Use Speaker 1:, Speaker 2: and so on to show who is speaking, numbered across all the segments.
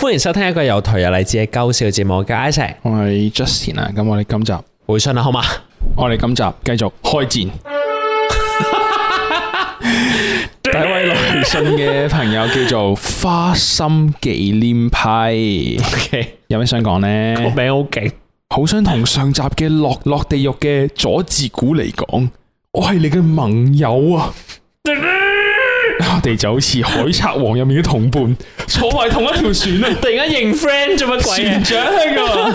Speaker 1: 歡迎收聽一個有頹有勵志嘅搞笑節目嘅 Isaac，我係 Justin 啊，咁我哋今集回信啦，好嘛？我哋今集繼續開戰。第一位嚟信嘅朋友叫做花心紀念派，OK，有咩想講呢？個名好勁，好想同上集嘅落落地獄嘅左志古嚟講，我係你嘅盟友啊！我哋就好似海賊王入面嘅同伴，坐埋同一條船啊！ 突然間認 friend 做乜鬼啊？船 長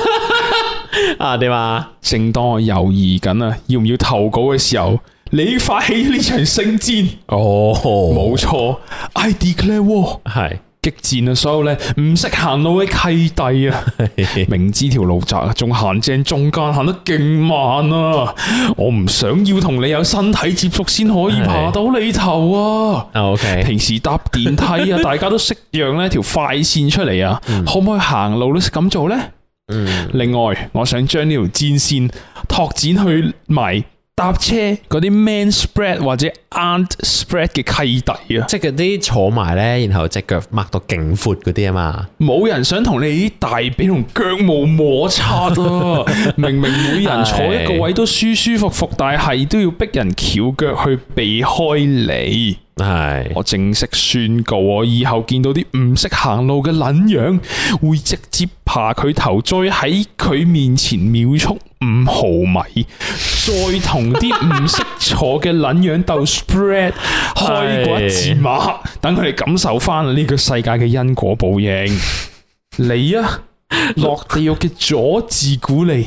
Speaker 1: 啊！點啊？正當我猶豫緊啊，要唔要投稿嘅時候，你發起呢場聖戰哦，冇錯，I declare war 係。激戰啊！所有咧唔識行路嘅契弟啊， 明知條路窄，仲行正中間，行得勁慢啊！我唔想要同你有身體接觸先可以爬到你頭啊！OK， 平時搭電梯啊，大家都識讓呢條快線出嚟，啊， 可唔可以行路都識咁做呢？嗯， 另外，我想將呢條戰線拓展去埋。搭車嗰啲 man spread 或者 ant spread 嘅契弟啊，即係嗰啲坐埋呢，然後隻腳擘到勁闊嗰啲啊嘛，冇人想同你啲大髀同腳毛摩擦啊！ 明明每人坐一個位都舒舒服服， 但係都要逼人翹腳去避開你。係， 我正式宣告，我以後見到啲唔識行路嘅撚樣，會直接。爬佢頭再喺佢面前秒速五毫米，再同啲唔識坐嘅捻樣鬥 spread 開過一字馬，等佢哋感受翻呢個世界嘅因果報應。你啊，落地獄嘅左字古嚟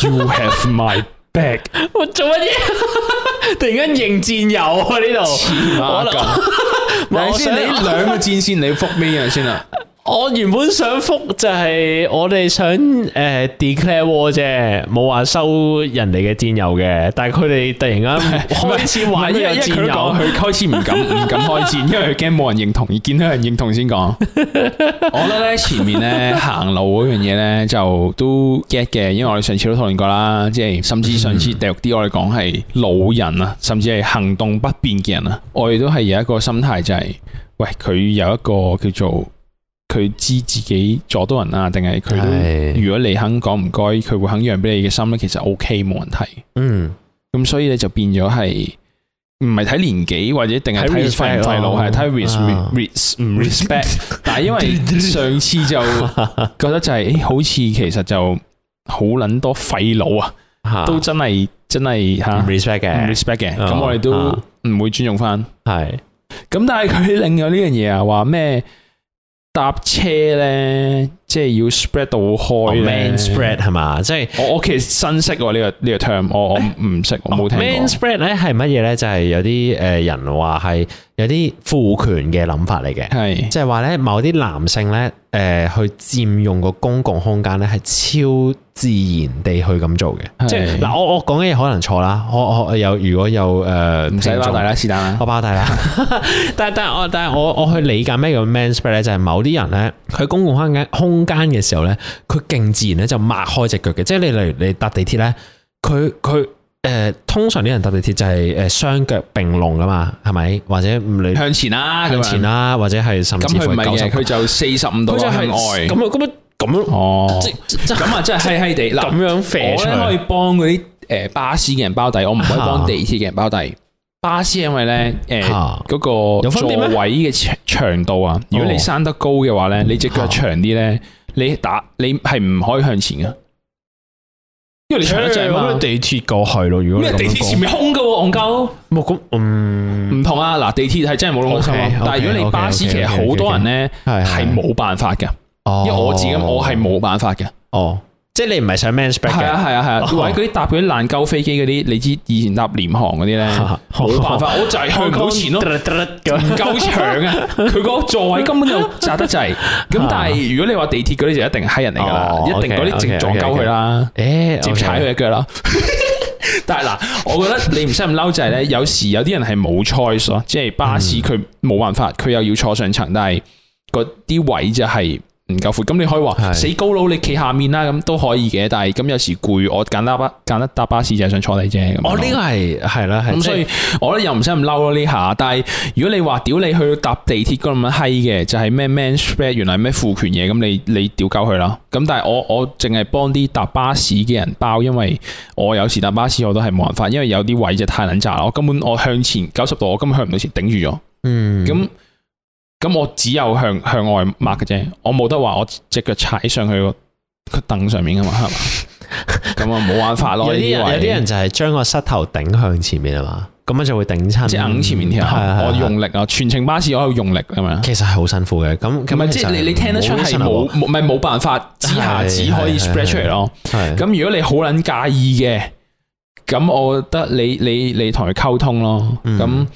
Speaker 1: you have my back。我做乜嘢？突然間認戰友喺呢度，黐孖筋。首先，你兩個戰線，你要覆邊個先啊？我原本想覆就係我哋想誒 declare war 啫，冇話收人哋嘅戰友嘅，但係佢哋突然間開始玩嘢，戰友，佢開始唔敢唔敢開戰，因為佢驚冇人認同，見到人認同先講。我覺得咧前面咧行路嗰樣嘢咧就都 get 嘅，因為我哋上次都討論過啦，即係甚至上次跌啲我哋講係老人啊，甚至係行動不便嘅人啊，我哋都係有一個心態就係，喂佢有一個叫做。佢知自己助到人啊，定係佢？如果你肯講唔該，佢會肯讓俾你嘅心咧，其實 OK 冇問題。嗯，咁所以咧就變咗係唔係睇年紀，或者定係睇廢唔廢老，係睇 respect。但係因為上次就覺得就係好似其實就好捻多廢老啊，都真係真係吓。respect 嘅，respect 嘅，咁我哋都唔會尊重翻。係咁，但係佢領咗呢樣嘢啊，話咩？搭車咧。即係要 spread 到開，man spread 係嘛呢？即係我我其實新識喎呢個呢、這個 term，我我唔識，我冇聽、oh, Man spread 咧係乜嘢咧？就係、是、有啲誒人話係有啲父權嘅諗法嚟嘅，係即係話咧某啲男性咧誒去佔用個公共空間咧係超自然地去咁做嘅，是即係嗱我我講嘅嘢可能錯啦，我我有如果有誒唔使包大啦，是但啦，我包大啦， 但但係我但係我我去理解咩叫 man spread 咧，就係某啲人咧佢公共空間空，空間嘅時候咧，佢勁自然咧就擘開隻腳嘅，即係你例如你搭地鐵咧，佢佢誒，通常啲人搭地鐵就係誒雙腳併攏噶嘛，係咪？或者你向前啦、啊，向前啦、啊，啊、或者係甚至乎唔係，佢就四十五度咁樣咁啊咁啊咁咯哦，即係咁啊，即係稀稀地咁樣。樣樣我咧可以幫嗰啲誒巴士嘅人包底，我唔可以幫地鐵嘅人包底。啊啊巴士因為咧，誒，嗰個座位嘅長長度啊，如果你生得高嘅話咧，你隻腳長啲咧，你打你係唔可以向前噶，因為你長得滯啊嘛。地鐵過去咯，如果咩地鐵前面空噶，戇鳩。冇咁，唔唔同啊。嗱，地鐵係真係冇咁開心啊。但係如果你巴士其實好多人咧係冇辦法嘅，因為我自己我係冇辦法嘅。哦。即係你唔係想 man spec 嘅，係啊係啊係啊，或者嗰啲搭嗰啲爛鳩飛機嗰啲，你知以前搭廉航嗰啲咧，冇辦法，我就係去唔到前咯，唔夠長啊，佢個座位根本就窄得滯。咁但係如果你話地鐵嗰啲就一定係人嚟噶啦，一定嗰啲直撞鳩佢啦，誒，直踩佢一腳啦。但係嗱，我覺得你唔使咁嬲，就係咧，有時有啲人係冇 choice 咯，即係巴士佢冇辦法，佢又要坐上層，但係嗰啲位就係。唔夠闊，咁你可以話的死高佬，你企下面啦，咁都可以嘅。但係咁有時攰，我揀得揀得搭巴士就係想坐你啫。我呢個係係啦，係。咁、嗯、的所以的我咧又唔使咁嬲咯呢下。但係如果你話屌你去搭地鐵咁樣閪嘅，就係、是、咩 man spread，原來咩父權嘢，咁你你屌鳩佢啦。咁但係我我淨係幫啲搭巴士嘅人包，因為我有時搭巴士我都係冇辦法，因為有啲位就太撚窄啦。我根本我向前九十度，我根本向唔到前，頂住咗。嗯。咁、嗯。咁我只有向向外抹嘅啫，我冇得話我隻腳踩上去個凳上面噶嘛，係嘛？咁啊冇辦法咯。有啲人就係將個膝頭頂向前面啊嘛，咁樣就會頂親。即前面我用力啊，全程巴士我係用力噶嘛。其實係好辛苦嘅。咁咪即係你你聽得出係冇冇係冇辦法之下只可以 spread 出嚟咯。係。咁如果你好捻介意嘅，咁我覺得你你你同佢溝通咯。咁。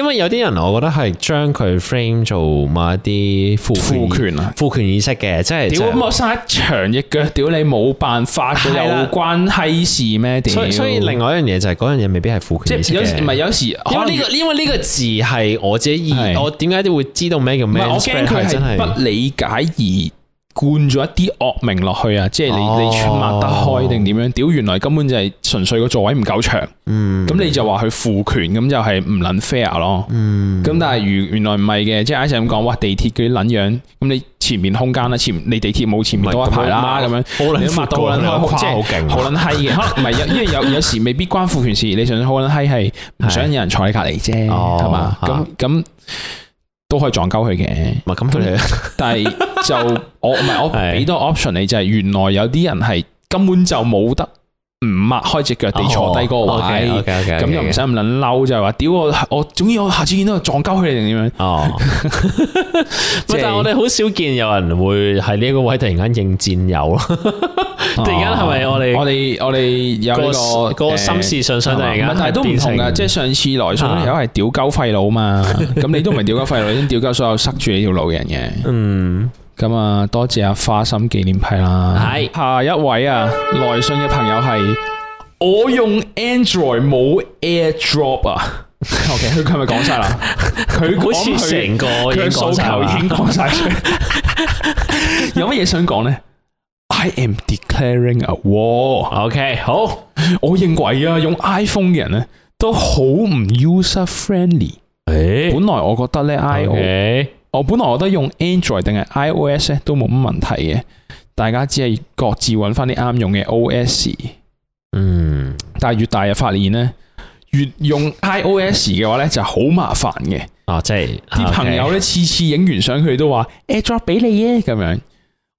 Speaker 1: 因為有啲人，我覺得係將佢 frame 做某一啲賦權、賦權啊、賦權意識嘅，即係咁、就是、我伸長隻腳，屌你冇辦法，啊、有關係事咩？所以，所以另外一樣嘢就係嗰樣嘢未必係賦權意識。即係有唔係有時，有時因為呢、呢個因為呢個字係我自己意，是我點解都會知道咩叫咩？我驚佢係不理解而。灌咗一啲惡名落去啊！即係你你全抹得開定點樣？屌，原來根本就係純粹個座位唔夠長。嗯，咁你就話佢父權，咁就係唔捻 fair 咯。嗯，咁但係原原來唔係嘅，即係啱先咁講，哇！地鐵嗰啲捻樣，咁你前面空間啦，前你地鐵冇前面多一排啦，咁樣。無論抹多，無論都誇好勁。無論嗨嘅，唔係因為有有時未必關父權事，你純粹可能嗨係唔想有人坐喺隔籬啫，係嘛？咁咁。都可以撞鳩佢嘅，唔係咁佢，但係就我唔係我俾多 option 你，就係原來有啲人係根本就冇得唔擘開隻腳地坐低嗰個位，咁又唔使咁撚嬲，就係話屌我我，總之我，我下次見到撞鳩佢定點樣？哦，但係 就是 我哋好少見有人會喺呢個位突然間應戰友。 而家係咪我哋？我哋我哋有呢個個心事上上嚟嘅問題，都唔同噶。即係上次來信有係屌鳩廢佬嘛，咁你都唔係屌鳩廢佬，先屌鳩所有塞住呢條路嘅人嘅。嗯，咁啊，多謝阿花心紀念牌啦。係下一位啊，來信嘅朋友係我用 Android 冇 AirDrop 啊。O K，佢係咪講晒啦，佢好似成個訴求已經講晒出，有乜嘢想講咧？I am declaring a war. OK，好，我認為啊，用 iPhone 嘅人咧都好唔 user friendly。誒、欸，本來我覺得咧，iOS，Okay. 我本來我覺得用 Android 定係 iOS 咧都冇乜問題嘅。大家只係各自揾翻啲啱用嘅 OS。嗯，但係越大嘅發現咧，越用 iOS 嘅話咧就好麻煩嘅。啊，即係啲朋友咧次次影完相佢都話，Airdrop 俾你啊，咁樣。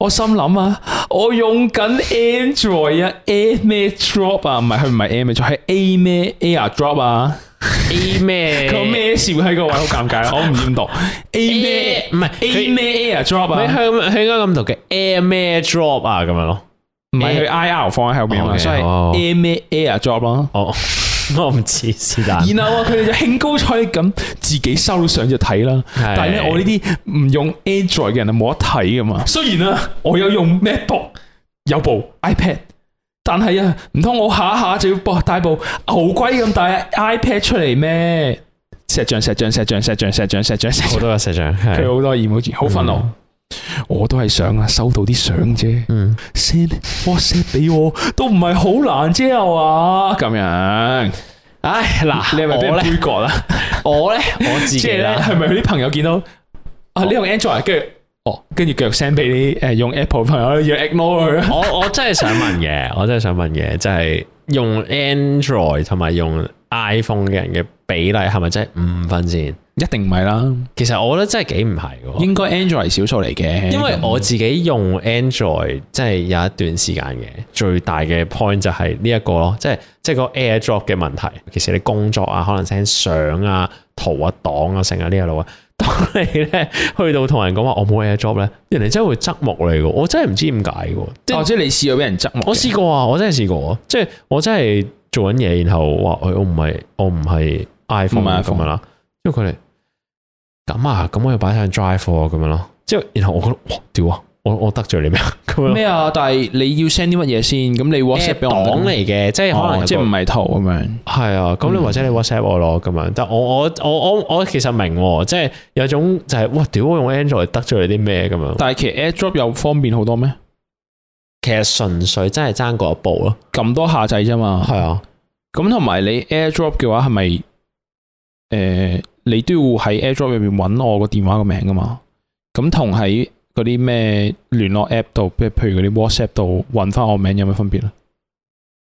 Speaker 1: 我心諗啊，我用緊 Android 啊，A 咩 drop 啊？唔係佢唔係 A 咩，係 A 咩 Airdrop 啊？A 咩？佢咩笑喺個位好尷尬，我唔認同。
Speaker 2: A 咩？
Speaker 1: 唔係 A 咩 Airdrop 啊？佢應該咁讀嘅 A i r 咩 drop 啊？咁樣咯，唔係佢 I R 放喺後邊嘛，所以 A i r 咩 Airdrop 咯、啊。Okay, oh, okay. 我唔知是但，然後佢哋就興高采咁自己收咗相就睇啦。 但係咧，我呢啲唔用 Android 嘅人啊，冇得睇噶嘛。雖然啊，我有用 MacBook，有部 iPad，但係啊，唔通我下下就要帶大部牛龜咁大 iPad 出嚟咩？石像石像石像石像石像石像，好多石像，佢好多二模子，好憤怒。我都係想啊，收到啲相啫。嗯，send WhatsApp 俾我都唔係好難啫，啊，係嘛？咁樣，唉嗱，喊你係咪我主角啦？ 我咧呢，我自己啦。係咪佢啲朋友見到、哦、啊？你用 Android，跟住哦，跟住腳 send 俾啲誒用 Apple 朋友要 ignore 佢。我我真係想問嘅，我真係想問嘅，就係、是、用 Android 同埋用 iPhone 嘅人嘅比例係咪真係五分先。一定唔係啦，其實我覺得真係幾唔係，應該 Android 少數嚟嘅。因為我自己用 Android 真係有一段時間嘅，最大嘅 point 就係呢一個咯，即係即係個 AirDrop 嘅問題。其實你工作啊，可能 send 相啊、圖啊、檔啊，成日呢一路啊，當你咧去到同人講話我冇 AirDrop 咧，人哋真係會側目你嘅。我真係唔知點解嘅，即係、哦、即你試過俾人側目？我試過啊，我真係試過、啊，即係我真係做緊嘢，然後話、哎、我我唔係我唔係 iPhone 咁樣啦，因為佢哋。咁啊，咁我要擺上 Drive 咁樣咯、啊，即係、啊啊啊、然後我覺得哇，屌啊，我我得罪你咩？咩啊，啊？但係你要 send 啲乜嘢先？咁你 WhatsApp 俾我講嚟嘅，即係可能即係唔係圖咁樣。係、哦嗯、啊，咁你或者你 WhatsApp 我咯，咁樣、啊。但我我我我我其實明、啊，即、就、係、是、有種就係、是、哇，屌，我用 Android 得罪你啲咩咁樣、啊？但係其實 AirDrop 又方便好多咩？其實純粹真係爭嗰一步咯、啊，咁多下掣啫嘛。係啊，咁同埋你 AirDrop 嘅話係咪誒？呃你都要喺 AirDrop 入邊揾我個電話個名噶嘛？咁同喺嗰啲咩聯絡 App 度，譬如譬如嗰啲 WhatsApp 度揾翻我名有咩分別咧？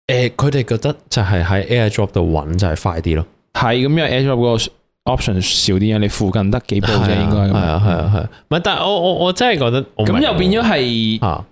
Speaker 1: 誒、欸，佢哋覺得就係喺 AirDrop 度揾就係快啲咯。係咁，因為 AirDrop 個 option 少啲，你附近得幾步啫，應該係啊係啊係。唔、啊啊啊、但係我我我真係覺得咁又變咗係啊，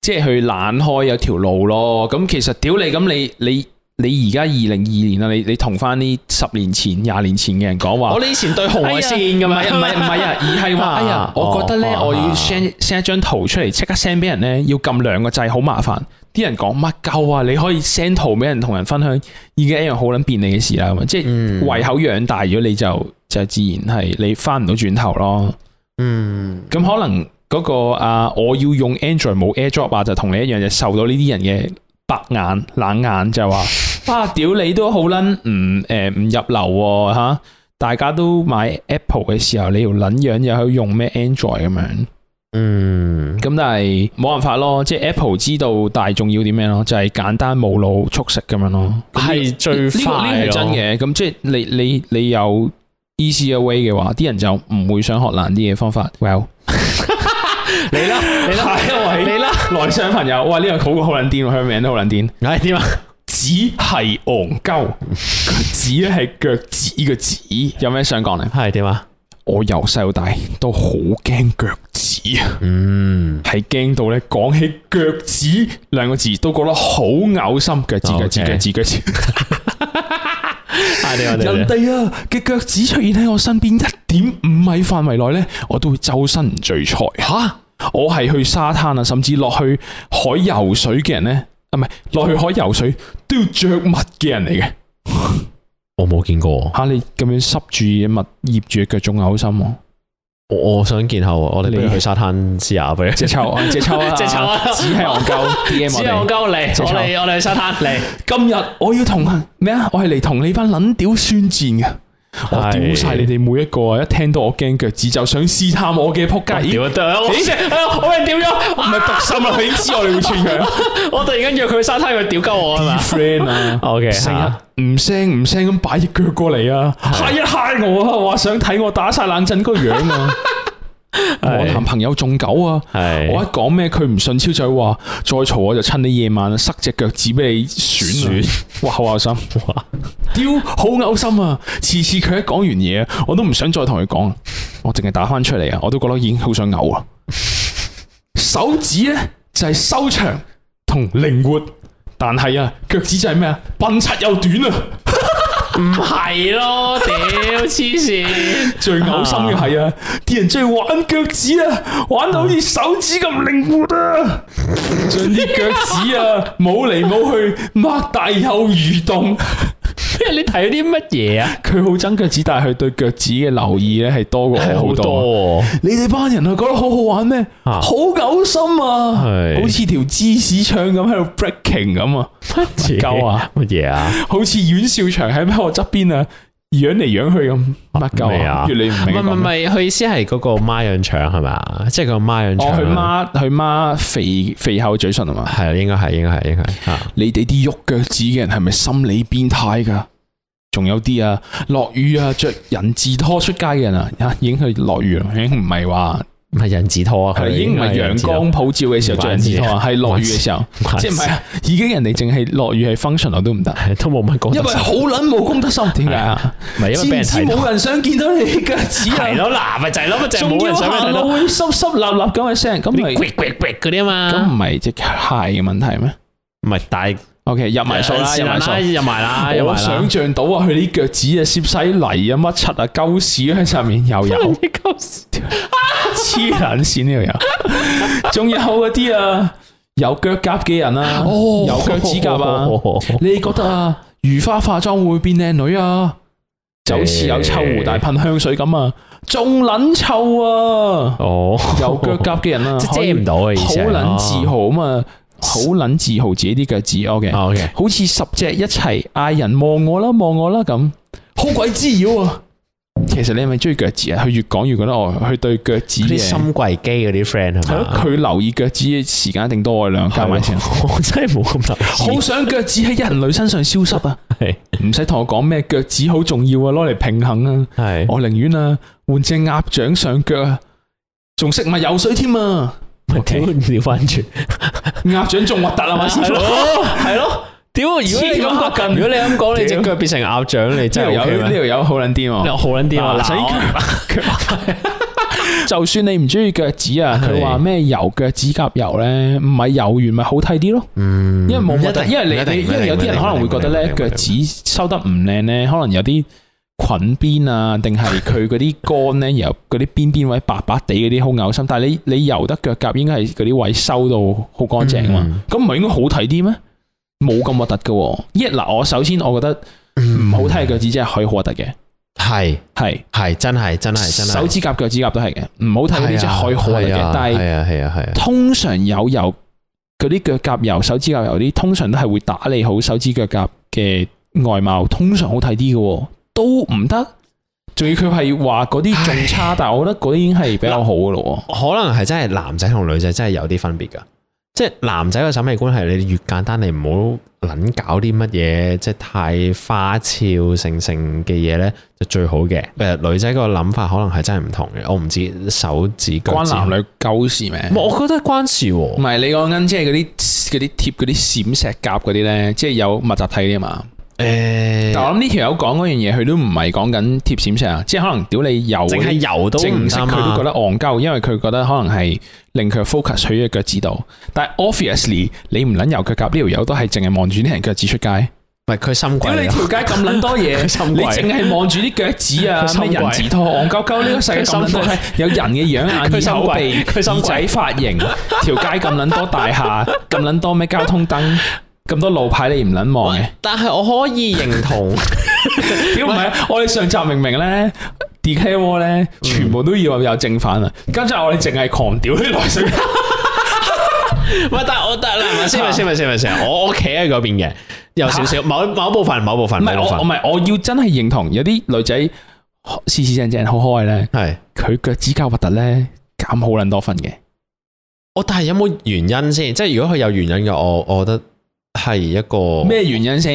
Speaker 1: 即係去懶開有條路咯。咁其實屌你咁你你。你你你而家二零二年啦，你你同翻呢十年前、廿年前嘅人講話，我以前對紅外線咁啊，唔係唔係啊，而係話，哎呀， 我覺得咧，哦、我要 send send 哇 一張圖出嚟，即刻 send 俾人咧，要撳兩個掣，好麻煩。啲人講乜鳩啊？你可以 send 圖俾人同人分享，已經一樣好撚便利嘅事啦。即係胃口養大咗，你就、嗯、就自然係你翻唔到轉頭咯。嗯，咁、嗯、可能嗰、嗰個啊，我要用 Android 冇 AirDrop 啊，就同你一樣，就受到呢啲人嘅。白眼冷眼就話，啊屌你都好捻唔誒唔入流吓，大家都買 Apple 嘅時候，你要捻樣又可以用咩 Android 咁樣，嗯，咁但係冇辦法咯，即係 Apple 知道大眾要點咩咯，就係簡單冇腦速食咁樣咯，係最快咯，真嘅，咁即係你你你有 Easy Way 嘅話，啲人就唔會想學難啲嘅方法，Well，你啦你啦你啦。內商朋友，哇！呢、這個好過好撚癲，佢個名都好撚癲。係點啊？腳趾係戇鳩，趾咧係腳趾個趾。有咩想講咧？係點、哎、啊？我由細到大都好驚腳趾啊！嗯，係驚到咧，講起腳趾兩個字都覺得好嘔心。腳趾、腳趾、腳趾、腳趾。你人哋啊嘅腳趾出現喺我身邊一點五米範圍內咧，我都會周身唔聚財吓。我係去沙灘啊，甚至落去海游水嘅人咧，唔係落去海游水都要着襪嘅人嚟嘅。我冇見過吓、啊，你咁樣濕住嘅襪，腌住嘅腳仲嘔心、啊。我我想見下，我哋不如去沙灘試下俾。即抽啊！即抽啊！即抽啊！只係戇鳩，只係戇鳩嚟。我哋我哋去沙灘嚟。 今日我要同咩啊？我係嚟同你班撚屌宣戰嘅。我屌晒你哋每一個啊！一聽到我驚腳趾就想試探我嘅撲街，屌、啊、得啊！我即係我係唔係毒心啊，佢已知我哋嚟串氧。我突然間約佢去沙灘，佢屌鳩我啊！friend 啊，OK，聲唔聲唔聲咁擺隻腳過嚟啊！嚇一嚇我，我啊！話想睇我打晒冷震個樣啊！我男朋友仲狗啊！的我一講咩佢唔信超，超仔話再嘈我就趁你夜晚塞隻腳趾俾你損，啊，損哇好惡心，屌好嘔心啊！次次佢一講完嘢，我都唔想再同佢講，我淨係打返出嚟啊！我都覺得已經好想嘔啊！ 手指呢，就係修長同靈活，但係啊腳趾就係咩啊，笨柒又短啊！唔係咯，屌黐線！ 最嘔心嘅係啊，啲 人中意玩腳趾啊，玩到好似手指咁靈活啊，將啲腳趾啊冇嚟冇去，擘大口蠕動。你睇啲乜嘢啊？佢好憎腳趾，但係佢對腳趾嘅留意咧係多過好多。多啊、你哋班人係覺得好好玩咩？哈好嘔心啊！係是，好似條芝士腸咁喺度 breaking 咁麼啊！夠麼啊？乜嘢啊？好似阮兆祥喺咩我側邊啊？養嚟養去咁乜鳩啊？越嚟唔明不。唔係唔係，佢意思係嗰個孖潤腸係嘛？即係個孖潤腸。哦，佢孖佢孖肥肥厚嘴唇係嘛？係啊，應該係，應該係，應該係。你哋啲喐腳趾嘅人係咪心理變態噶？仲有啲啊，落雨啊，着人字拖出街嘅人啊，啊，已經係落雨，已經唔係話。唔係人字拖啊，係已經唔係陽光普照嘅時候着人字拖啊，係落雨嘅時候，即係唔係啊？已經人哋淨係落雨係 function 都唔得，都冇乜功德心，因為好撚冇公德心，點解啊？係因為冇人想見到你腳趾隻有嗱咪就係咯，仲要行路會濕濕立立咁嘅聲，咁啲嗰啲啊嘛，咁唔係隻鞋嘅問題咩？唔係，但係 OK 入埋數啦，入埋啦，入埋啦，有冇想象到啊，佢啲腳趾啊，攝晒泥啊，乜柒啊，鳩屎喺上面又有。黐捻線呢個人，仲、哦、有嗰啲啊，有腳甲嘅人啦，有腳趾甲啊。你覺得啊，如花化妝會變靚女啊？欸、就好似有臭狐，大噴香水咁啊，仲捻臭啊！哦，有腳甲嘅人啊，遮唔到啊。好捻自豪啊嘛，好捻自豪自己啲腳趾甲嘅，好似十隻一齊嗌人望我啦，望我啦咁，好鬼滋擾啊！其實你係咪中意腳趾啊？佢越講越覺得哦，佢對腳趾啲心悸機嗰啲 friend 係嘛？佢留意腳趾嘅時間一定多我兩間，我真係冇咁特好想腳趾喺人類身上消失啊！係唔使同我講咩腳趾好重要啊，攞嚟平衡啊！係的我寧願啊，換隻鴨掌上腳啊，仲識咪游水添啊！我聽調翻轉，鴨掌仲核突啊嘛，師傅係咯。 屌！如果你咁講，如果你咁講，你隻腳變成鴨掌嚟，真係有！呢條友好撚啲喎，好撚啲喎，難。就算你唔中意腳趾啊，佢話咩油腳趾甲油咧，唔係油完咪好睇啲咯？嗯，因為冇乜，因為你因為有啲人可能會覺得咧腳趾收得唔靚咧，可能有啲裙邊啊，定係佢嗰啲乾咧，由嗰啲邊邊位白白地嗰啲好嘔心。但係你你油得腳甲應該係嗰啲位收到好乾淨啊嘛，咁唔係應該好睇啲咩？冇咁核突嘅，一嗱我首先我覺得唔好睇腳趾，真係可以核突嘅，係係係真係真係真係，手指甲腳趾甲都係嘅，唔好睇嗰啲即係可以核突嘅，但係係啊係啊係啊，通常有油嗰啲腳甲油、手指甲油啲，通常都係會打理好手指腳甲嘅外貌，通常好睇啲嘅，都唔得，仲要佢係話嗰啲仲差，但係我覺得嗰啲已經係比較好嘅咯，可能係真係男仔同女仔真係有啲分別噶。即係男仔嘅審美觀係你越簡單，你唔好捻搞啲乜嘢，即係太花俏成成嘅嘢咧，就最好嘅。誒女仔個諗法可能係真係唔同嘅，我唔知手指，腳指關男女鳩事咩？我覺得關事喎、啊。唔係你講緊即係嗰啲啲貼嗰啲閃石甲嗰啲咧，即係有密集體啊嘛。誒，但係我諗呢條友講嗰樣嘢，佢都唔係講緊貼閃石啊，即係可能屌你油，淨係油都淨唔識，佢都覺得戇鳩，因為佢覺得可能係令佢 focus 喺隻腳趾度。但係 obviously 你唔捻油腳甲呢條友都係淨係望住啲人腳趾出街，唔係佢心鬼。屌你條街咁捻多嘢，你淨係望住啲腳趾啊？佢心鬼，咩人字拖戇鳩鳩呢個世界咁捻多，係有人嘅樣啊，佢心鬼，佢耳仔髮型，條街咁捻多大廈，咁捻多咩交通燈。咁多路牌你唔撚望嘅，但係我可以認同。點解？我哋上集明明咧，D K 窩咧，全部都要有正反啊。今集我哋淨係狂屌啲女仔。喂，但係我得啦，咪先，咪先，咪先。我企喺嗰邊嘅，有少少某某部分，某部分。唔係我，唔係我要真係認同，有啲女仔斯斯正正好開咧，係佢腳趾甲核突咧，減好撚多分嘅。我但係有冇原因先？即係如果佢有原因嘅，我我覺得。係一個咩原因先？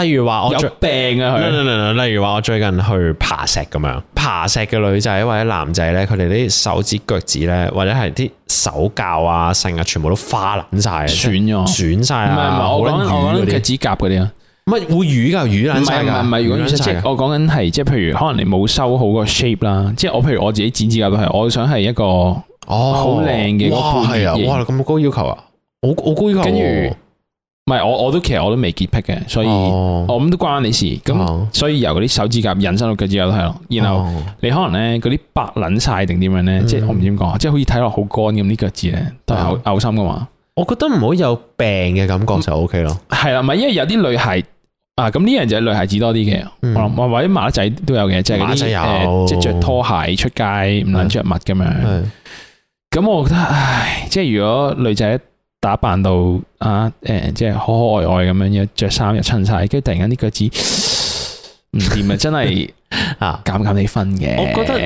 Speaker 1: 例如話我有病啊！佢，例如話我最近去爬石咁樣，爬石嘅女仔或者男仔咧，佢哋啲手指、腳趾咧，或者係啲手膠啊、成啊，全部都花捻晒，損咗，損晒啊！唔係唔係，我講我講指甲嗰啲啊，乜會淤噶？淤捻晒噶？唔係如果即係我講緊係，即係譬如可能你冇收好個 shape 啦，即係我，譬如我自己剪指甲都係，我想係一個哦好靚嘅，哇係啊，哇咁高要求啊，好好高要求。唔係我我都其實我都未潔癖嘅，所以、哦、我諗都關你事。咁、哦、所以由嗰啲手指甲引伸到腳趾甲都係咯。然後你可能咧嗰啲白捻晒定點樣咧、嗯，即係我唔知點講，即係好似睇落好乾咁啲腳趾咧，都係嘔嘔心噶嘛。我覺得唔好有病嘅感覺就 O K 咯。係啦、嗯，唔係因為有啲女孩啊，咁呢樣就係女孩子多啲嘅。嗯、我我或者馬仔都有嘅，即係馬仔有，呃、即係着拖鞋出街唔捻着襪咁樣。咁我覺得唉，即係如果女仔，打扮到啊誒，即係可可愛愛咁樣樣，着衫又襯晒，跟住突然間啲腳趾唔掂啊！真係啊，減減你分嘅。我覺得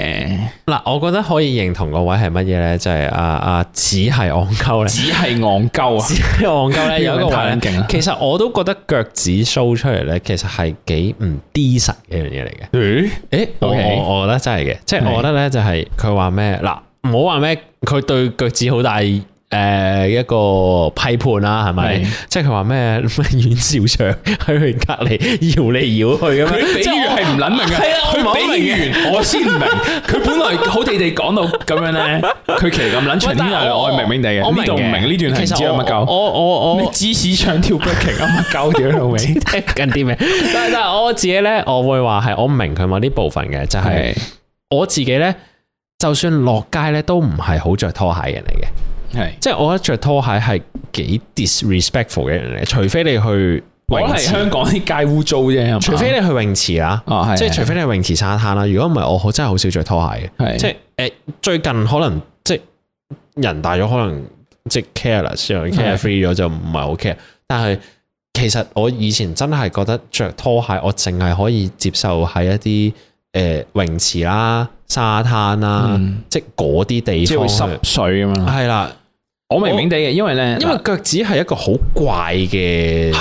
Speaker 1: 嗱，我覺得可以認同個位係乜嘢咧？就係阿阿只係戇鳩咧，只係戇鳩啊，只係戇鳩咧，有個環境。其實我都覺得腳趾 show 出嚟咧，其實係幾唔 d 實嘅樣嘢嚟嘅。誒，ok，我我我覺得真係嘅，即係我覺得咧，就係佢話咩？嗱，唔好話咩？佢對腳趾好大。誒，一個批判啦，係咪？即係佢話咩？阮兆祥喺佢隔籬搖嚟搖去嘅咩？佢比喻係唔諗明嘅，佢比喻完我先唔明。佢本來好地地講到咁樣咧，佢其實咁諗出嚟先係我明明地嘅。我度唔明呢段係唔知有乜搞。我我我，你只是唱跳不平啊？搞點到明？近啲咩？但係但係，我自己咧，我會話係我唔明佢話呢部分嘅，就係我自己咧，就算落街咧，都唔係好着拖鞋人嚟嘅。係，即係我覺得着拖鞋係幾 disrespectful 嘅樣嘢，除非你去，可能係香港啲街污糟啫。除非你去泳池啦，即係除非你去泳池沙灘啦。如果唔係，我真係好少着拖鞋嘅。即係誒，最近可能即係人大咗，可能即係 care less，care free 咗就唔係好 care 但係其實我以前真係覺得着拖鞋，我淨係可以接受喺一啲誒泳池啦。沙灘啊，即係嗰啲地方，即係會濕水咁樣。係啦，我明明地嘅，因為咧，因為腳趾係一個好怪嘅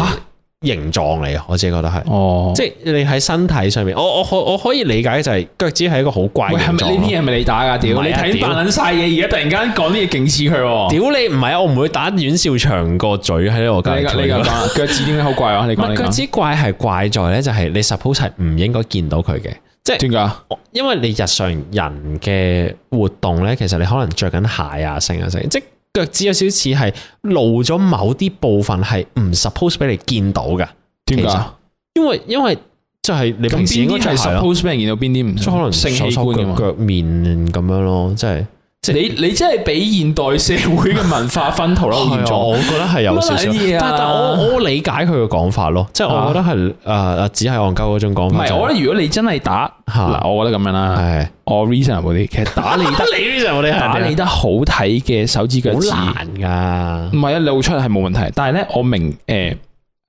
Speaker 1: 形狀嚟嘅，我自己覺得係。哦，即係你喺身體上面，我我可我可以理解就係腳趾係一個好怪。呢啲嘢係咪你打㗎？屌你睇扮撚晒嘢，而家突然間講啲嘢勁似佢。屌你唔係啊！我唔會打阮少祥個嘴，喺呢個呢個腳趾點解好怪啊？你講你講。腳趾怪係怪在咧，就係你 suppose 係唔應該見到佢嘅。即係點解？因為你日常人嘅活動咧，其實你可能着緊鞋啊、剩啊剩，即係腳趾有少少似係露咗某啲部分係唔 suppose 俾你見到嘅。點解何？因為因為就係你平時應該著鞋，suppose 俾人見到邊啲唔？即可能手手腳腳面咁樣咯，即係。你你真係俾現代社會嘅文化糞土污染咗，我覺得係有少少、啊。但但我我理解佢嘅講法咯，啊、即係我覺得係誒誒，只係戇鳩嗰種講法、就是。唔係，我覺得如果你真係打嗱，啊、我覺得咁樣啦，係的我 reasonable 啲。其實打理得， 你你打理得好睇嘅手指腳趾，好難㗎。唔係啊，露出嚟係冇問題。但係咧，我明誒喺、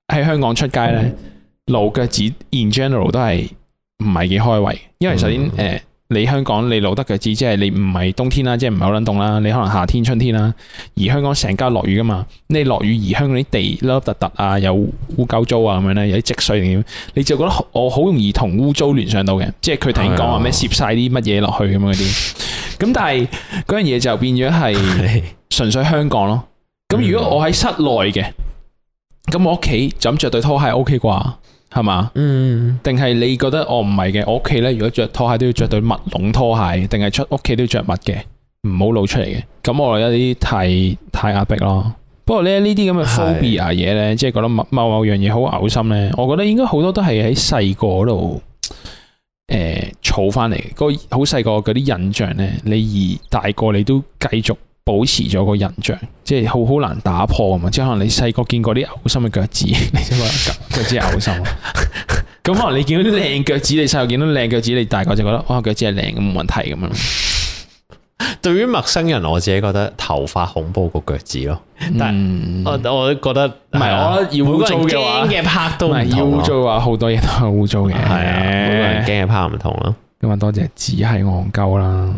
Speaker 1: 呃、香港出街咧，露腳趾 in general 都係唔係幾開胃，因為首先誒。嗯你香港你老得嘅知，即係你唔係冬天啦，即係唔係好冷凍啦，你可能夏天春天啦。而香港成家落雨噶嘛，你落雨而香港啲地凹凸凸啊，有污垢糟啊咁樣咧，有啲積水點，你就覺得我好容易同污糟聯想到嘅，即係佢頭先講話咩攝晒啲乜嘢落去咁樣嗰啲。咁但係嗰樣嘢就變咗係純粹香港咯。咁如果我喺室內嘅，咁我屋企就咁着對拖鞋 OK 啩？係嘛？嗯，定係你覺得我唔係嘅？我屋企咧，如果着拖鞋都要着對襪籠拖鞋，定係出屋企都要着襪嘅，唔好露出嚟嘅。咁我有啲太太壓迫咯。不過呢呢啲咁嘅 phobia 啊嘢咧，是即係覺得某某樣嘢好嘔心咧。我覺得應該好多都係喺細個嗰度誒儲翻嚟，個好細個嗰啲印象咧，你而大個你都繼續。保持咗個印象，即係好好難打破啊嘛！即係可能你細個見過啲嘔心嘅腳趾，你先覺得腳趾係嘔心。咁可能你見到啲靚腳趾，你細個見到靚腳趾，你大個就覺得哇腳趾係靚咁冇問題咁樣。對於陌生人，我自己覺得頭髮恐怖過腳趾咯。嗯、但係我我都覺得，唔係呀我污糟嘅話，唔係污糟嘅話，好多嘢都係污糟嘅。係啊，驚嘅拍唔同咯。咁啊，多謝只係戇鳩啦。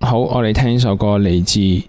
Speaker 1: 好，我哋聽首歌嚟自。你知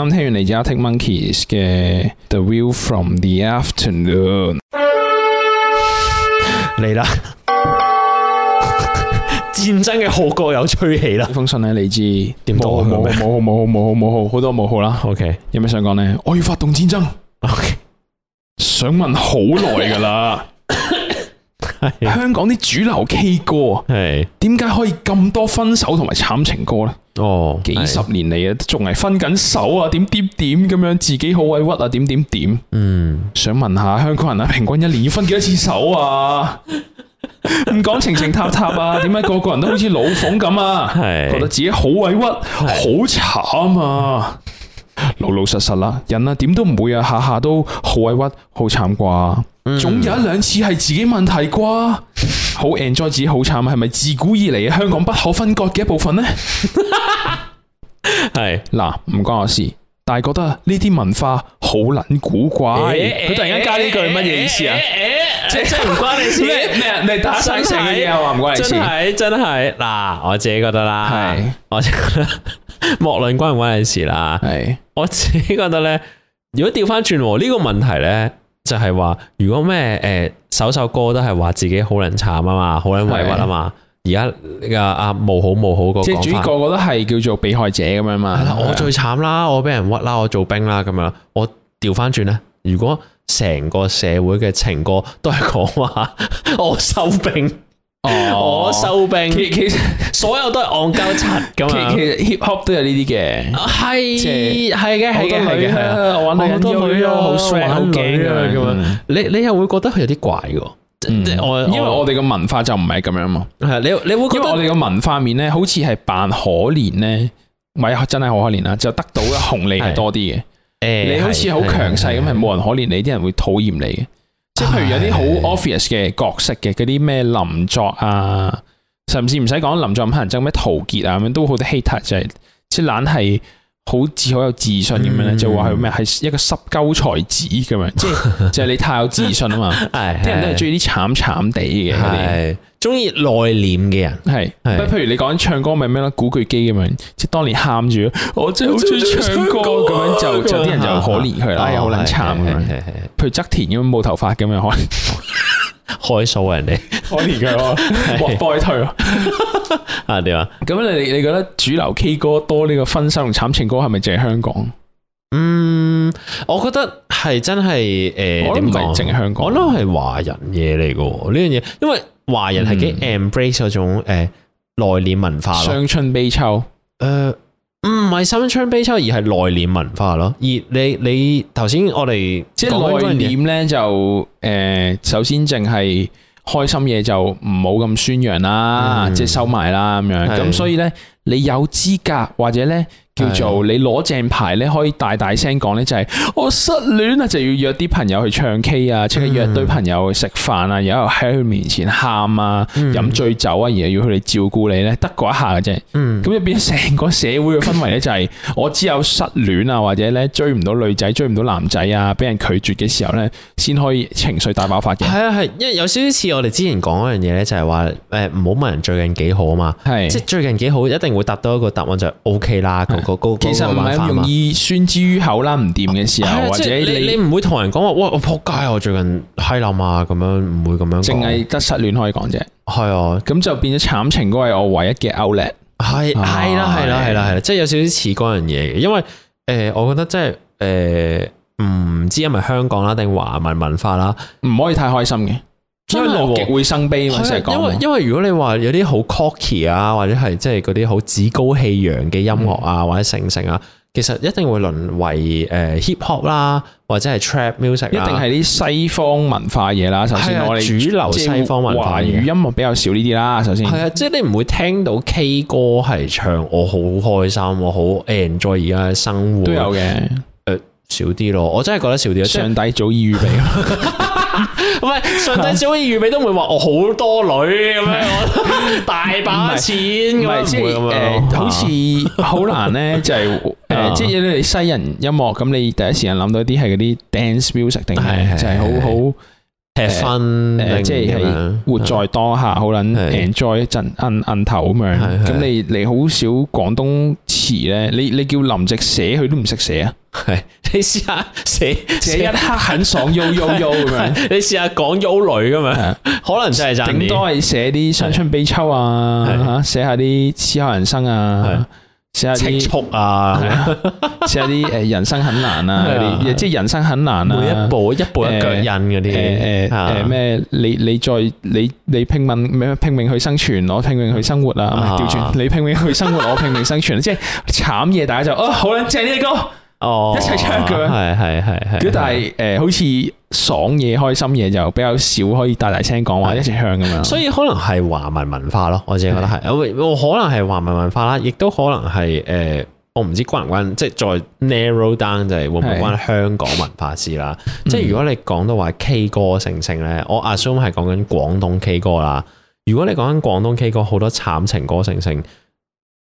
Speaker 1: 啱聽完 Arctic Monkeys 嘅《The View From The Afternoon》嚟啦！戰爭嘅號角有吹起啦！封信呢，你知點咗佢未？冇冇冇冇冇冇冇好多冇好啦。OK，有咩想講呢？我要發動戰爭。OK，想問好耐㗎啦。香港啲主流 K 歌，係點解可以咁多分手同埋慘情歌呢？哦，幾十年嚟啊，仲係分緊手啊，點點點咁樣，自己好委屈啊，點點點，嗯，想問下香港人啊，平均一年要分幾多次手啊？唔講 情情塔塔啊，點解個個人都好似老鳳咁啊？係是，覺得自己好委屈，好慘是啊！是嗯老老實實啦，人啊點都唔會啊，下下都好委屈，好慘啩。總有一兩次係自己問題啩，好 and 自己好慘，係咪自古以嚟嘅香港不可分割嘅一部分呢？係嗱，唔關我事，但係覺得呢啲文化好捻古怪。佢突然間加呢句乜嘢意思啊？即係真唔關你事咩咩？你打晒一成嘅嘢話唔關你事，真係真係。嗱，我自己覺得啦，係我自己覺得。莫論關唔關你事啦，係是我自己覺得咧，如果調翻轉呢個問題咧，就係話如果咩誒、呃、首首歌都係話自己好撚慘啊嘛，好撚委屈啊嘛，而家阿阿無好冇好個，啊、好好即係主要個個都係叫做被害者咁樣嘛。吧嗎我最慘啦，我俾人屈啦，我做兵啦咁樣，我調翻轉咧，如果成個社會嘅情歌都係講話 我受兵病笑。哦，我收兵，其實所有都係戇鳩七咁樣。其實 hip hop 都有呢啲嘅，係係嘅，好多女嘅，好多女嘅，好衰，好勁咁樣。你你又會覺得佢有啲怪嘅，因為我哋嘅文化就唔係咁樣嘛。係，你你會覺得我哋嘅文化面咧，好似係扮可憐咧，咪，真係好可憐啦，就得到嘅紅利係多啲嘅。誒，你好似好強勢咁，係冇人可憐你，啲人會討厭你嘅。即係譬如有啲好 obvious 嘅角色嘅嗰啲咩林作啊，甚至唔使講林作咁拍人就咩陶傑啊，咁樣都好多 hater 就係即係懶係好自好有自信咁樣咧就話係咩係一個濕鳩才子咁樣，即係 就係你太有自信啊嘛，即係咧中意啲慘慘地嘅。 中意內斂嘅人係，不譬如你講唱歌咪咩咯？古巨基咁樣，即當年喊住，我真係好中意唱歌咁樣，就啲人就可憐佢啦，又好撚慘嘅。譬如側田咁樣冇頭髮咁樣，可能害臊人哋，可憐佢咯，臥碑退咯。啊，點啊？咁你你覺得主流 K 歌多呢個分手同慘情歌，係咪淨係香港？嗯。我覺得係真係誒，唔係淨係香港，我都係華人嘢嚟嘅呢樣嘢，因為華人係幾 embrace 嗰種誒內斂文化咯。傷春悲秋，誒、呃，唔係傷春悲秋，而係內斂文化咯。而你你頭先我哋即係內斂咧，就誒、是呃，首先淨係開心嘢就唔好咁宣揚啦，即係、嗯、收埋啦咁樣。咁的所以咧，你有資格或者咧？叫做你攞正牌咧，可以大大聲講咧，就係我失戀啊，就要約啲朋友去唱 K 啊，即係約堆朋友去食飯啊，然後喺佢面前喊啊，飲、嗯、醉酒啊，然後要佢哋照顧你咧，得嗰一下嘅啫。咁、嗯、就變成個社會嘅氛圍咧，就係我只有失戀啊， 或者咧追唔到女仔、追唔到男仔啊，俾人拒絕嘅時候咧，先可以情緒大爆發嘅。係啊係，因為有少少似我哋之前講一樣嘢咧，就係話誒唔好問人最近幾好啊嘛，的即係最近幾好一定會答到一個答案就係 O K 啦嗰。那個個高高其實唔係容易宣之於口啦，唔掂嘅時候或者你、啊、你唔會同人講話，哇！我仆街，我最近嗨冧啊，咁樣唔會咁樣，淨係得失戀可以講啫。係啊，咁就變咗慘情嗰係我唯一嘅 outlet、啊。係係啦，係啦，係啦，係啦，即係有少少似嗰樣嘢嘅。因為誒、呃，我覺得即係誒，唔、呃、知係咪香港啦，定華文文化啦，唔可以太開心嘅。因為樂極會生悲嘛，咪、啊啊、因為因為如果你話有啲好 cocky 啊，或者係即係嗰啲好趾高氣揚嘅音樂啊，嗯、或者盛盛啊，其實一定會淪為誒 hip hop 啦、啊，或者係 trap music、啊。一定係啲西方文化嘢啦。首先我哋主流西方文化語音樂比較少呢啲啦。首先係啊，即係你唔會聽到 K 歌係唱我好開心，我好 enjoy 而家嘅生活。都有嘅。少啲咯，我真係覺得少啲咯。上帝早已預備，唔係上帝早已預備都唔會話我好多女咁樣，大把錢咁樣。誒，好似好難咧，就係誒，即係你西人音樂咁，你第一時間諗到啲係嗰啲 dance music 定係就係好好
Speaker 2: 氣氛，即係活在
Speaker 1: 當下，好捻 enjoy 一陣，摁摁頭咁樣。咁你你好少廣東詞咧，你你叫林夕寫，佢都唔識寫啊，係。你試下寫寫一刻很爽，悠悠悠咁樣。你試下講憂女咁樣，可能真係賺啲。頂多係寫啲傷春悲秋啊，吓寫下啲思考人生啊，寫下啲，寫下啲誒人生很難啊，即係人生很難啊，每一步一步一腳印嗰啲誒誒咩？你你再你你拼命拼命去生存，我拼命去生活啊？調轉你拼命去生活，我拼命生存，即係慘嘢。大家就哦，好卵正呢啲歌。哦，oh, 一齊唱歌，係係係係。咁但係，誒，好似爽嘢、開心嘢就比較少可以大大聲講話，是是一齊唱咁樣。所以可能係華文文化咯，我自己覺得係。是的 可能係華文文化啦，亦都可能係，誒、呃，我唔知關唔關，即係再 narrow down 就係會唔會關香港文化事啦。是的 即係如果你講到話 K 歌盛盛咧，我 assume 係講緊廣東 K 歌啦。如果你講緊廣東 K 歌，好多慘情歌盛盛。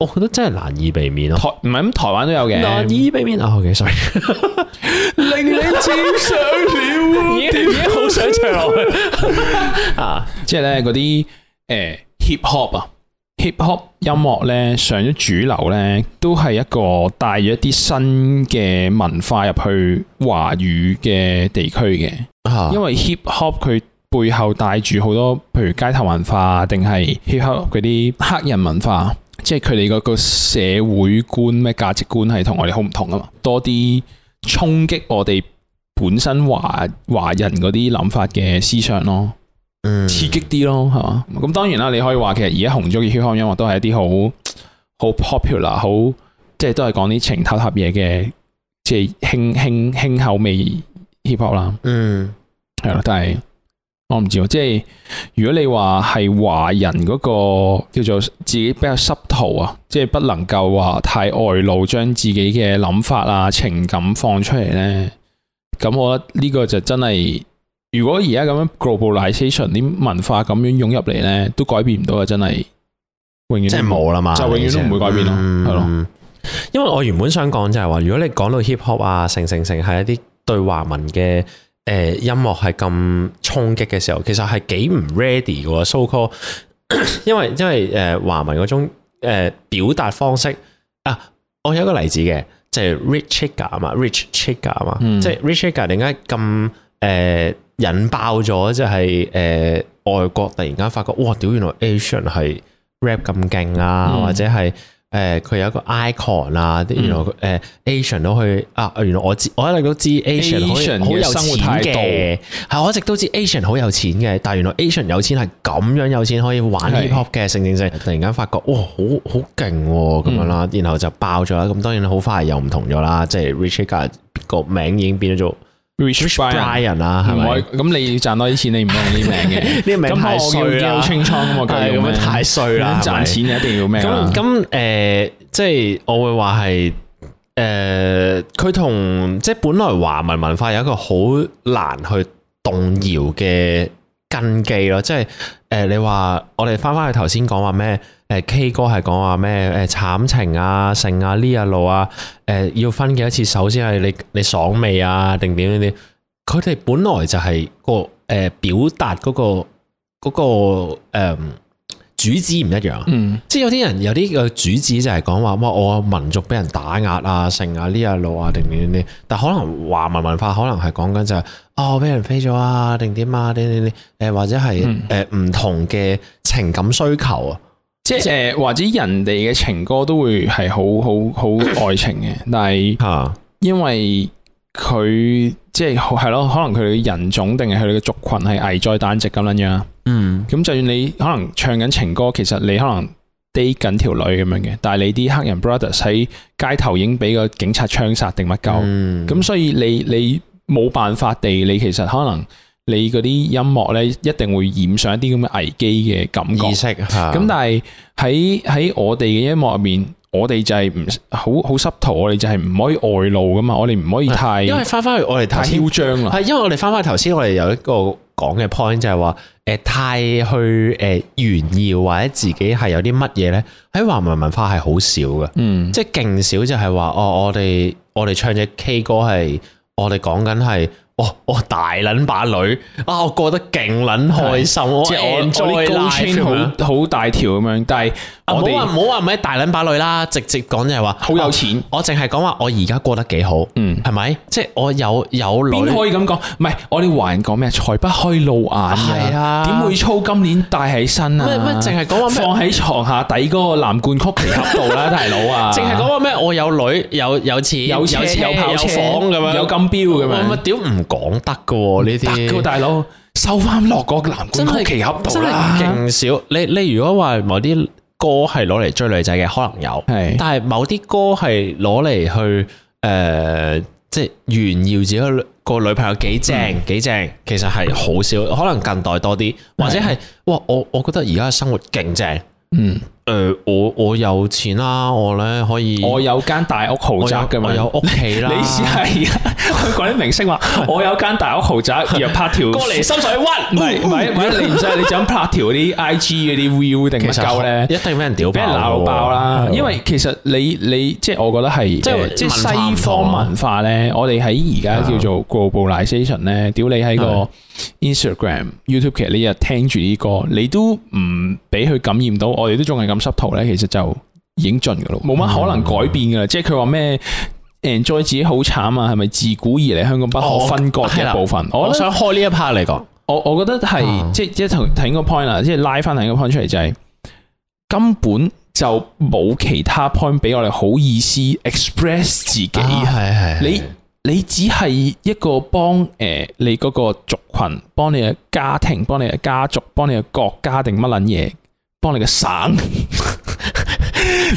Speaker 1: 我覺得真係難以避免咯，台唔係咁台灣都有嘅。難以避免啊，我幾、oh, okay, 令你沾上了，嘢好想唱落去啊！即係咧嗰啲誒，hip hop 啊，hip hop 音樂咧上咗主流咧，都係一個帶咗一啲新嘅文化入去華語嘅地區嘅。 因為 hip hop 佢背後帶住好多，譬如街頭文化定係 hip hop 嗰啲黑人文化。即係佢哋嗰個社會觀咩價值觀係同我哋好唔同啊嘛，多啲衝擊我哋本身華華人嗰啲諗法嘅思想咯，嗯、刺激啲咯，係嘛？咁當然啦，你可以話其實而家紅咗嘅 hip hop 音樂都係一啲好好 popular，好即係都係講啲情偷合嘢嘅，即係輕輕輕口味 hip hop 啦。嗯，係咯，但係。我唔知，即係如果你話係華人嗰個叫做自己比較濕套啊，即係不能夠話太外露，將自己嘅諗法啊、情感放出嚟呢。咁我覺得呢個就真係，如果而家咁樣 globalization 啲文化咁樣湧入嚟呢，都改變唔到啊！真係永遠即係冇啦嘛，就永遠都唔會改變、嗯、對咯，係咯。因為我原本想講就係話，如果你講到 hip hop 啊、成成成係一啲對華文嘅。誒，音樂係咁衝擊嘅時候，其實係幾唔 ready 嘅，So call，因為因為誒華文嗰種誒表達方式啊，我有一個例子嘅，就係 Rich Chiga 啊嘛，Rich Chiga 啊嘛，即係 Rich Chiga 點解咁誒引爆咗？即係誒外國突然間發覺，哇，屌原來 Asian 係 rap 咁勁啊，嗯、或者係。誒，佢有一個 icon 啊，啲原來誒 Asian 都去、嗯、啊，原來我知我一直都知 Asian 好 As 有錢嘅，係我一直都知 Asian 好有錢嘅，但係原來 Asian 有錢係咁樣有錢，可以玩 hiphop 嘅，正正正，突然間發覺哇，好好勁喎，咁、啊、樣啦，然後就爆咗啦，咁當然好快又唔同咗啦，即係 Rich Chigga 個名已經變咗做。Rich Brian 啊，係咪？咁你要賺多啲錢，你唔用啲名嘅，呢 個名太衰啦，清倉咁啊， 太衰啦！賺錢你一定要咩？咁咁誒，即係我會話係誒，佢、呃、同即係本來華文文化有一個好難去動搖嘅根基咯，即係誒、呃，你話我哋翻翻去頭先講話咩？誒 K 歌係講話咩？誒慘情啊、剩啊、呢啊路啊，誒要分幾多次手先係你你爽未啊？定點呢啲？佢哋本來就係個誒表達嗰個嗰個嗯、主旨唔一樣。嗯，即係有啲人有啲個主旨就係講話乜我民族俾人打壓啊、剩啊、呢啊路啊定點呢啲。但可能華文文化可能係講緊就係、啊、哦，俾人飛咗啊定點啊啲啲啲誒或者係誒唔同嘅情感需求啊。即係、呃、或者人哋嘅情歌都會係好好好愛情嘅，但係吓因為佢即係係咯，可能佢嘅人種定係佢哋嘅族群係危在旦夕咁樣樣。嗯，咁就算你可能唱緊情歌，其實你可能低緊條女咁樣嘅，但係你啲黑人 brothers 喺街頭已經俾個警察槍殺定乜鳩，咁、嗯、所以你你冇辦法地，你其實可能。你嗰啲音樂咧，一定會染上一啲咁嘅危機嘅感覺意識吓。咁但係喺喺我哋嘅音樂入面，我哋就係唔好好濕涂，我哋就係唔可以外露噶嘛，我哋唔可以太。因為翻翻去我哋太囂張啦。係，因為我哋翻翻去頭先，我哋有一個講嘅 point 就係話，誒、呃，太去誒、呃、炫耀或者自己係有啲乜嘢咧，喺華文文化係好少嘅。嗯，即係勁少就係話，哦，我哋我哋唱嘅 K 歌係，我哋講緊係。哦，我大撚把女啊、哦，我過得勁撚開心，即係的我啲高穿好好大條咁樣，的但係。唔好話唔好話咩大撚把女啦，直接講就係話好有錢。我淨係講話我而家過得幾好，嗯，係咪？即係我有有女，邊可以咁講？唔係我哋華人講咩財不開露眼啊？點會操今年帶起身啊？唔係唔係，淨係講話放喺床下底嗰個藍罐曲奇盒度啦，大佬啊！淨係講話咩？我有女，有有錢，有車，有炮房，有金表咁樣。我屌唔講得噶？呢啲大佬收翻落個藍罐曲奇盒度啦，勁少。你你如果話某啲。歌係攞嚟追女仔嘅，可能有。係，但係某啲歌係攞嚟去誒，即係炫耀自己個女朋友幾正，嗯，幾正，其實係好少，可能近代多啲，或者係哇，我我覺得而家生活勁正，嗯。誒，我我有錢啦，我咧可以，我有間大屋豪宅噶嘛，有屋企啦。你試下佢嗰啲明星話，我有間大屋豪宅，然後拍條過嚟深水灣，唔係，唔係，唔係，你唔係你想拍條啲 I G 啲 view 定唔夠咧？一定俾人屌爆。俾人鬧爆啦，因為其實你你即係我覺得係即係即係西方文化咧，我哋喺而家叫做 globalization 咧，屌你喺個 Instagram、YouTube，其實你日聽住啲歌，你都唔俾佢感染到，我哋都仲係。咁濕圖咧，其實就已經盡噶咯，冇乜可能改變噶啦。即係佢話咩，enjoy 自己好慘啊，係咪自古以嚟香港不可分割嘅一部分？哦？我，我想開呢一 part 嚟講，我我覺得係，嗯、即係頭睇個 point 啊，即係拉翻睇個 point 出嚟就係根本就冇其他 point 俾我哋好意思 express 自己。係係，哦，你你只係一個幫誒、呃、你嗰個族群，幫你嘅家庭，幫你嘅家族，幫你嘅國家定乜撚嘢？幫你個省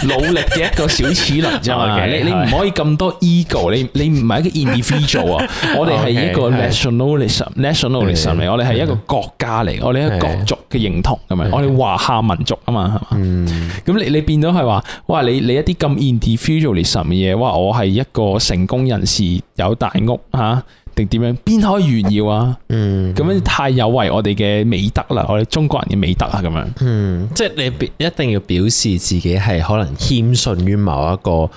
Speaker 1: 努力嘅一個小齒輪啫，你你唔可以咁多 ego，你你唔係一個 individual 啊。 我哋係一個 nationalism，nationalism 嚟。我哋係一個國家嚟，yeah, 我哋係國族嘅認同，係咪？我哋華夏民族啊嘛，係嘛？咁你你變咗係話，哇！你你一啲咁 individualism 嘅嘢，哇！我係一個成功人士，有大屋吓。啊定點樣邊可以炫耀啊？嗯，咁樣太有違我哋嘅美德啦！我哋中國人嘅美德啊，咁樣，嗯，即係你必一定要表示自己係可能謙遜於某一個誒、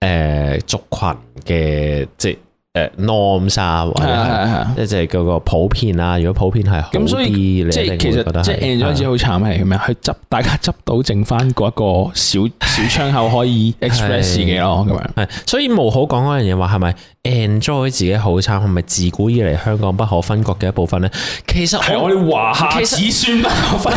Speaker 1: 呃、族群嘅，即誒，norm 晒，或者即係個普遍啦。如果普遍係，咁所以即係其實即係 enjoy 自己好慘係咁樣，去執大家執到剩翻嗰一個小小窗口可以 express 自己咯。咁樣係，所以無好講嗰樣嘢話係咪 enjoy 自己好慘，係咪自古以嚟香港不可分割嘅一部分咧？其實係我哋華夏子孫不可分。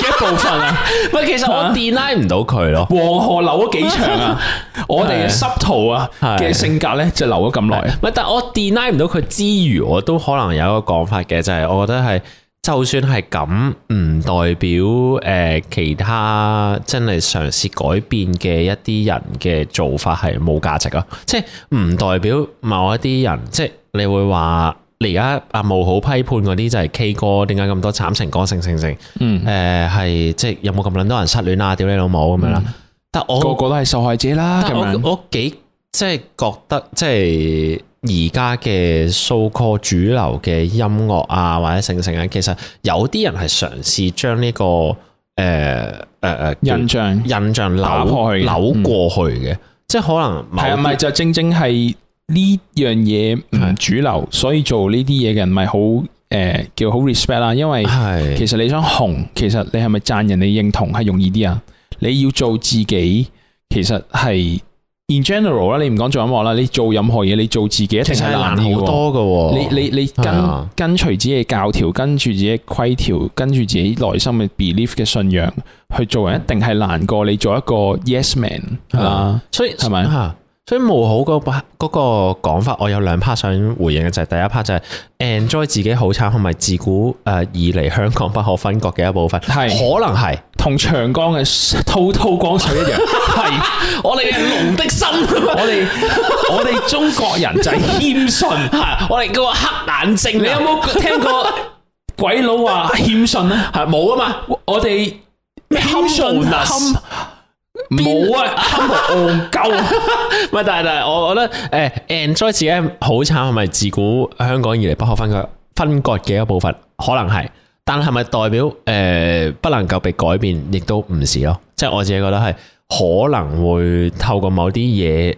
Speaker 1: 一部分啊，喂， 其實我電 line 唔到佢咯、啊。黃河流咗幾長啊， 我哋嘅 u b 啊嘅、啊、性格咧，就流咗咁耐。唔係、啊，啊、但係我電 line 唔到佢之餘，我都可能有一個講法嘅，就係、是、我覺得係，就算係咁，唔代表誒、呃、其他真係嘗試改變嘅一啲人嘅做法係冇價值啊，即係唔代表某一啲人，即、就、係、是、你會話。你而家阿毛好批判嗰啲就係 K 歌，點解咁多慘情歌？成成成，嗯，誒，係即係有冇咁捻多人失戀啊？屌你老母咁樣啦！但我個個都係受害者啦。我我幾即係覺得即係而家嘅 so-call 主流嘅音樂啊，或者成成啊，其實有啲人係嘗試將呢個誒誒誒印象印象扭扭過去嘅，即係可能係唔係就正正係。呢樣嘢唔主流，是所以做呢啲嘢嘅人咪好誒叫好 respect 啦。因為其實你想紅，其實你係咪賺人哋認同係容易啲啊？你要做自己，其實係 in general 啦。你唔講做音樂啦，你做任何嘢，你做自己一定係難好多㗎。你你你跟，啊、跟隨自己嘅教條，跟住自己規條，跟住自己內心嘅 belief 嘅信仰去做人，一定係難過你做一個 yes man 啦、啊。吧所以係咪？所以冇好嗰 part 個講法，我有兩 part 想回應嘅就係第一 part 就係 enjoy 自己好慘，係咪自古誒以嚟香港不可分割嘅一部分？係是可能係同長江嘅滔滔江水一樣，係我哋嘅龍的心，我哋 我哋中國人就係謙遜，吓 我哋嗰個黑眼睛， 你有冇聽過鬼佬話謙遜咧？吓冇啊嘛， 我哋謙遜含。什麼 umb 冇哪啊，憨戇夠，唔係 但係但係，我我覺得誒，Android、呃、 自己好慘係咪自古香港以嚟不可分割分割嘅一部分，可能係，但係咪代表誒、呃、不能夠被改變，亦都唔是咯，即係我自己覺得係可能會透過某啲嘢。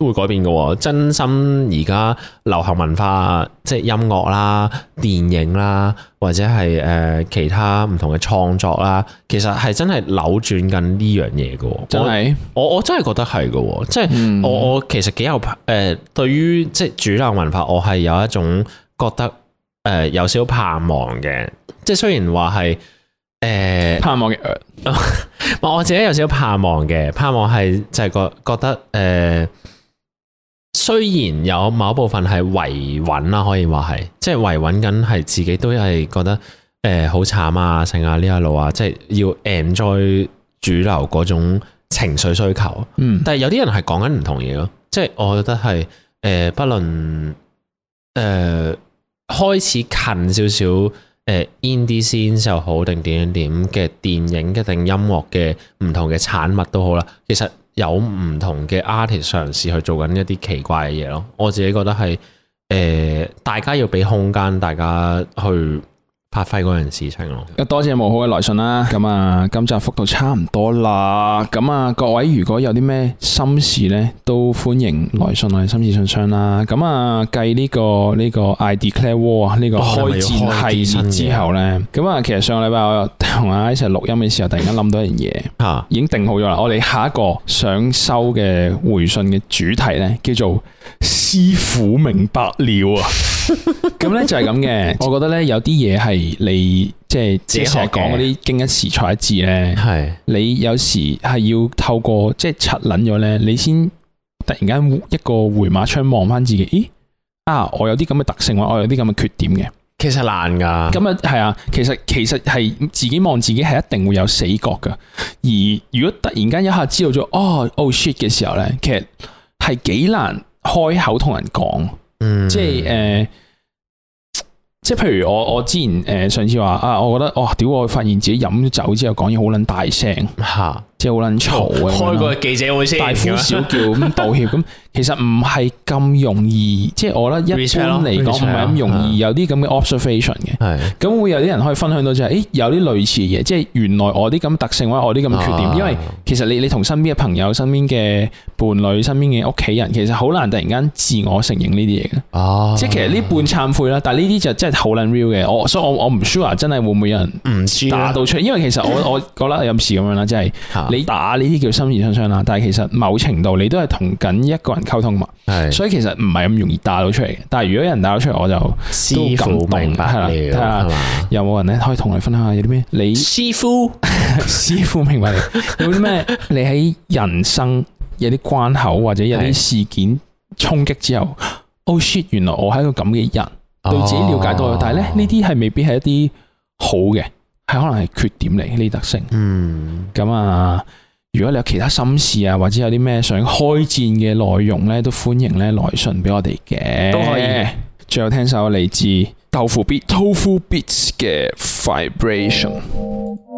Speaker 1: 都會改變嘅，真心而家流行文化，即係音樂啦、電影啦，或者係誒其他唔同嘅創作啦，其實係真係扭轉緊呢樣嘢嘅。真係的，我我真係覺得係嘅，即係我、嗯、我其實幾有誒，對於即係主流文化，我係有一種覺得誒有少少盼望嘅。即係雖然話係誒盼望，嘅、欸，呃、 我自己有少少盼望嘅盼望係就係覺覺得誒。欸雖然有某部分係維穩啦，可以話係，即係維穩緊係自己都係覺得誒好慘啊！成啊呢一路啊，即係要 enjoy 主流嗰種情緒需求。嗯，但係有啲人係講緊唔同嘢咯，即係我覺得係誒、呃，不論誒、呃、開始近少少誒 indie scene 就好定點點、呃、點嘅電影嘅定音樂嘅唔同嘅產物都好啦，其實。有唔同嘅 artist 嘗試去做緊一啲奇怪嘅嘢咯，我自己覺得係誒、呃、大家要俾空間大家去發揮嗰樣事情咯，多謝冇好嘅來信啦。咁啊，今集幅度差唔多啦。咁啊，各位如果有啲咩心事呢，都歡迎來信我哋心事信箱啦。咁啊，繼呢、這個呢、這個 I Declare War 啊，呢個開戰系列、哦、之後呢，咁啊，啊，其實上個禮拜我同阿 I 一齊錄音嘅時候，突然間諗到一樣嘢，吓、啊，已經定好咗啦。我哋下一個想收嘅回信嘅主題呢，叫做師傅明白了啊。 咁咧 就係咁嘅，我覺得咧有啲嘢係你即係自己所講嗰啲經一事才一致。咧的，係你有時係要透過即係柒捻咗咧，你先突然間一個回馬槍望翻自己，咦啊我有啲咁嘅特性，我有啲咁嘅缺點嘅，其實難噶，咁啊係啊，其實其實係自己望自己係一定會有死角噶，而如果突然間一下知道咗哦 oh shit 嘅時候咧，其實係幾難開口同人講。嗯、即係誒、呃，即係譬如我我之前誒、呃、上次話啊，我覺得哇屌、哦，我發現自己飲咗酒之後講嘢好撚大聲吓。即係好撚嘈嘅，開個記者會先大呼小叫咁道歉咁， 其實唔係咁容易。即係 我覺得一般嚟講唔係咁容易有啲咁嘅 observation 嘅。係咁的會有啲人可以分享到就係、是，誒有啲類似嘅嘢。即係原來我啲咁特性或者我啲咁嘅缺點，啊、因為其實你你同身邊嘅朋友、身邊嘅伴侶、身邊嘅屋企人，其實好難突然間自我承認呢啲嘢嘅。哦、啊，即係其實呢半懺悔啦，但係呢啲就真係好撚 real 嘅。我所以我我唔 sure 真係會唔會有人唔打到出嚟知道，因為其實我我覺得有時咁樣啦，即、就、係、是。 你打呢啲叫心事信箱啦，但係其實某程度你都係同緊一個人溝通嘛，是所以其實唔係咁容易打到出嚟。但係如果有人打到出嚟，我就師傅父 明白。睇下嗎有冇人咧可以同你分享下有啲咩？你師傅父 師傅明白有啲咩？你喺人生有啲關口或者有啲事件衝擊之後是，oh shit！原來我係一個咁嘅人，對自己了解多了，咗、哦。但係咧呢啲係未必係一啲好嘅。係可能係缺點嚟呢特性，嗯，咁啊，如果你有其他心事啊，或者有啲咩想開戰嘅內容呢，都歡迎呢來信俾我哋嘅，都可以。最後聽首嚟自豆腐必 tofubeats 嘅 Vibration。